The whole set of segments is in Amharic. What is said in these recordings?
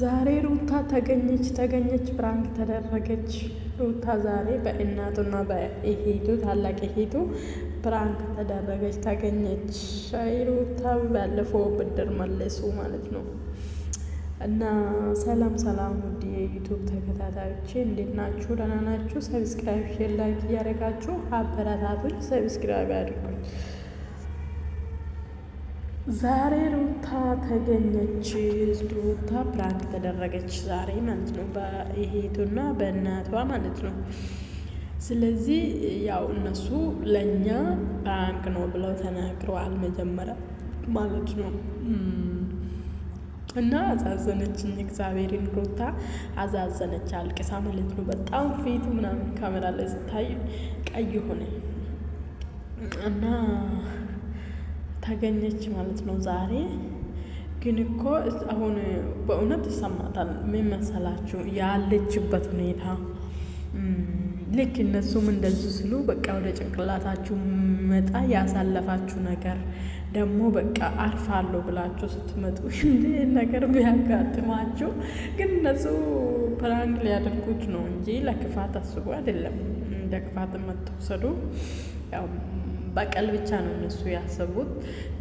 ዛሬ ሩታ ተገኘች ተገኘች ፕራንክ ተደረገች። ሩታ ዛሬ በእናቱና በእሂቱ ታላቅ እሂቱ ፕራንክ ተደረገች ተገኘች። አይ ሩታ ባለፈው ብድር መለሱ ማለት ነው። እና ሰላም ሰላም፣ ውድ የዩቱብ ተከታታዮች እንዴት ናችሁ? ደህና ናችሁ? ሰብስክራይብ፣ ሼር፣ ላይክ እያደረጋችሁ አበረታቶች ሰብስክራይብ አድርጉኝ። ዛሬ ሩታ ተገኘች። ሩታ ፕራንክ ተደረገች ዛሬ ማለት ነው፣ በእህቱና በእናቷ ማለት ነው። ስለዚህ ያው እነሱ ለእኛ ፕራንክ ነው ብለው ተናግረዋል መጀመሪያ ማለት ነው። እና አዛዘነችኝ፣ እግዚአብሔርን ሩታ አዛዘነች፣ አልቅሳ ማለት ነው። በጣም ፊቱ ምናምን ካሜራ ላይ ስታይ ቀይ ሆነ እና ተገኘች ማለት ነው ዛሬ። ግን እኮ አሁን በእውነት ይሰማታል። ምን መሰላችሁ ያለችበት ሁኔታ ልክ እነሱም እንደዚህ ስሉ በቃ ወደ ጭንቅላታችሁ መጣ። ያሳለፋችሁ ነገር ደግሞ በቃ አርፋለሁ ብላችሁ ስትመጡ ይህ ነገር ቢያጋጥማችሁ ግን እነሱ ፕራንክ ሊያደርጉት ነው እንጂ ለክፋት አስቡ አይደለም። እንደ ክፋት መተወሰዱ ያው በቀል ብቻ ነው እነሱ ያሰቡት።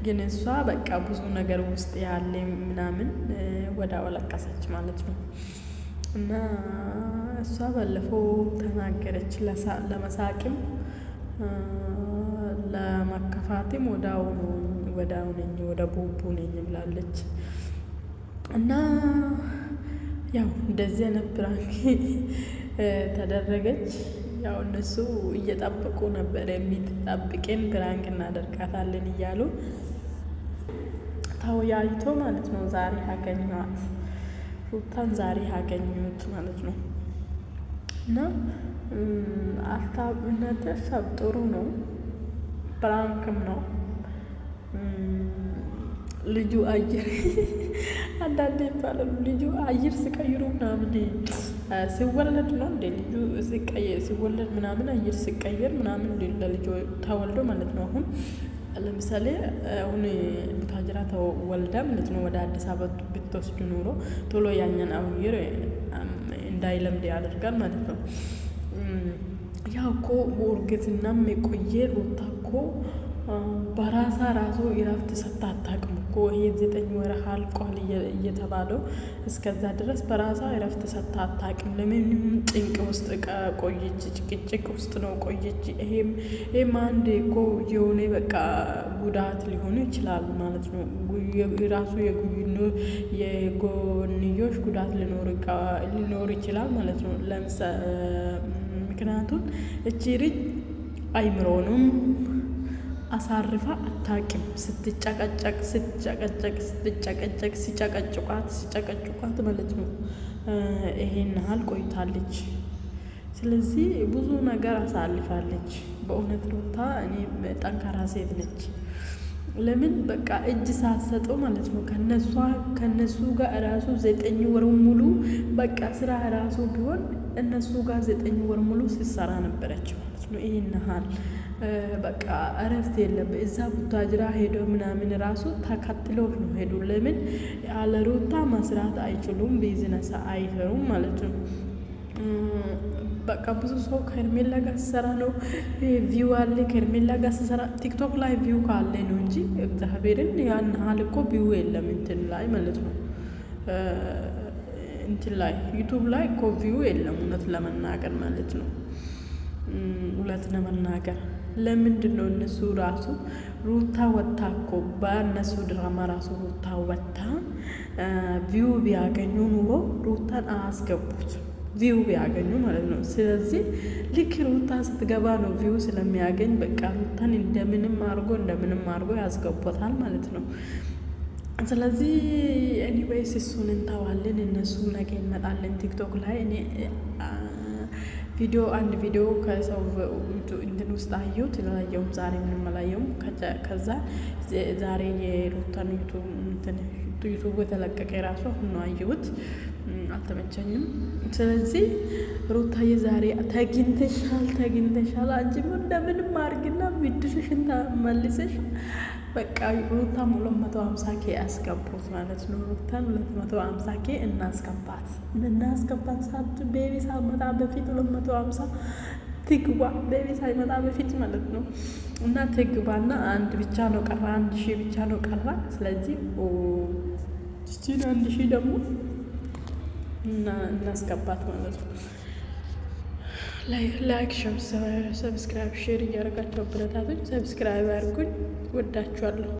ግን እሷ በቃ ብዙ ነገር ውስጥ ያለ ምናምን ወዳው ለቀሰች ማለት ነው። እና እሷ ባለፈው ተናገረች። ለመሳቅም ለመከፋትም ወዳው ነኝ ወደ ቡቡ ነኝ ብላለች። እና ያው እንደዚህ ነበራል ተደረገች። ያው እነሱ እየጠበቁ ነበር የሚጠብቅን ብራንክ እናደርጋታለን እያሉ ተወያይቶ ማለት ነው። ዛሬ አገኟት ሩታን ዛሬ አገኙት ማለት ነው። እና አፍታብነት ሰብ ጥሩ ነው፣ ብራንክም ነው ልጁ አየር አንዳንዴ ይባላሉ። ልጁ አየር ሲቀይሩ ምናምን ሲወለድ ነው እንዴ ልጁ ሲወለድ ምናምን አየር ሲቀየር ምናምን ለልጆ ተወልዶ ማለት ነው። አሁን ለምሳሌ አሁን ቡታጅራ ተወልዳ ማለት ነው ወደ አዲስ አበባ ብትወስዱ ኑሮ ቶሎ ያኛን አየር እንዳይለምድ ያደርጋል ማለት ነው። ያው እኮ በእርግዝናም የቆየ ቦታ እኮ በራሳ ራሱ እረፍት ሰጥታ አታውቅም እኮ ይሄን ዘጠኝ ወር አልቋል እየተባለው እስከዛ ድረስ በራሳ እረፍት ሰጥታ አታውቅም። ለምንም ጭንቅ ውስጥ ቆየች፣ ጭቅጭቅ ውስጥ ነው ቆየች። ይሄም አንዴ እኮ የሆነ በቃ ጉዳት ሊሆን ይችላል ማለት ነው። ራሱ የጎንዮሽ ጉዳት ሊኖር ይችላል ማለት ነው። ምክንያቱም እቺ ልጅ አይምሮንም አሳርፋ አታቂም ስትጨቀጨቅ ስትጨቀጨቅ ስትጨቀጨቅ ሲጨቀጭቋት ሲጨቀጭቋት ማለት ነው ይሄን ያህል ቆይታለች። ስለዚህ ብዙ ነገር አሳልፋለች። በእውነት ሩታ እኔ ጠንካራ ሴት ነች። ለምን በቃ እጅ ሳሰጠው ማለት ነው ከነሷ ከነሱ ጋር ራሱ ዘጠኝ ወር ሙሉ በቃ ስራ ራሱ ቢሆን እነሱ ጋር ዘጠኝ ወር ሙሉ ሲሰራ ነበረች ማለት ነው ይህን ያህል በቃ እረፍት የለም። እዛ ቡታጅራ ሄዶ ምናምን ራሱ ተከትሎ ነው ሄዱ። ለምን ያለ ሩታ መስራት አይችሉም፣ ቢዝነስ አይሰሩም ማለት ነው። በቃ ብዙ ሰው ከርሜላ ጋር ሲሰራ ነው ቪው አለ። ከሄርሜላ ጋር ሲሰራ ቲክቶክ ላይ ቪው ካለ ነው እንጂ እግዚአብሔርን ያን ያህል እኮ ቪው የለም እንትን ላይ ማለት ነው። እንትን ላይ ዩቱብ ላይ እኮ ቪው የለም እውነት ለመናገር ማለት ነው። እውነት ለመናገር ለምንድን ነው እነሱ ራሱ ሩታ ወታ እኮ በእነሱ ድራማ ራሱ ሩታ ወታ ቪው ቢያገኙ ኑሮ ሩታን አያስገቡት። ቪው ቢያገኙ ማለት ነው። ስለዚህ ልክ ሩታ ስትገባ ነው ቪው ስለሚያገኝ በቃ ሩታን እንደምንም አድርጎ እንደምንም አድርጎ ያስገቦታል ማለት ነው። ስለዚህ ኤኒዌይስ እሱን እንተዋለን። እነሱ ነገ ይመጣለን ቲክቶክ ላይ እኔ ቪዲዮ አንድ ቪዲዮ ከሰው እንትን ውስጥ አየሁት። ላየውም ዛሬ ምንም አላየውም። ከዛ ዛሬ የሩታን ዩቱብ የተለቀቀ የራሱ አሁን ነው አየሁት። አልተመቸኝም። ስለዚህ ሩታዬ ዛሬ ተግኝተሻል፣ ተግኝተሻል። አንቺ እንደምንም አድርግና ምድርሽን ተመልሰሽ በቃ ሩታም ሁለት መቶ ሀምሳ ኬ አስገቡት ማለት ነው። ሩታን ሁለት መቶ ሀምሳ ኬ እናስገባት እናስገባት ሳት ቤቢ ሳመጣ በፊት ሁለት መቶ ሀምሳ ትግባ ቤቢ ሳይመጣ በፊት ማለት ነው። እና ትግባ ትግባና አንድ ብቻ ነው ቀራ፣ አንድ ሺህ ብቻ ነው ቀራ። ስለዚህ ስቲን አንድ ሺህ ደግሞ እናስገባት ማለት ነው። ላይክ ሰብስክራይብ ሼር እያደረጋቸው አበረታቶች ሰብስክራይብ አድርጉኝ። ወዳችኋለሁ።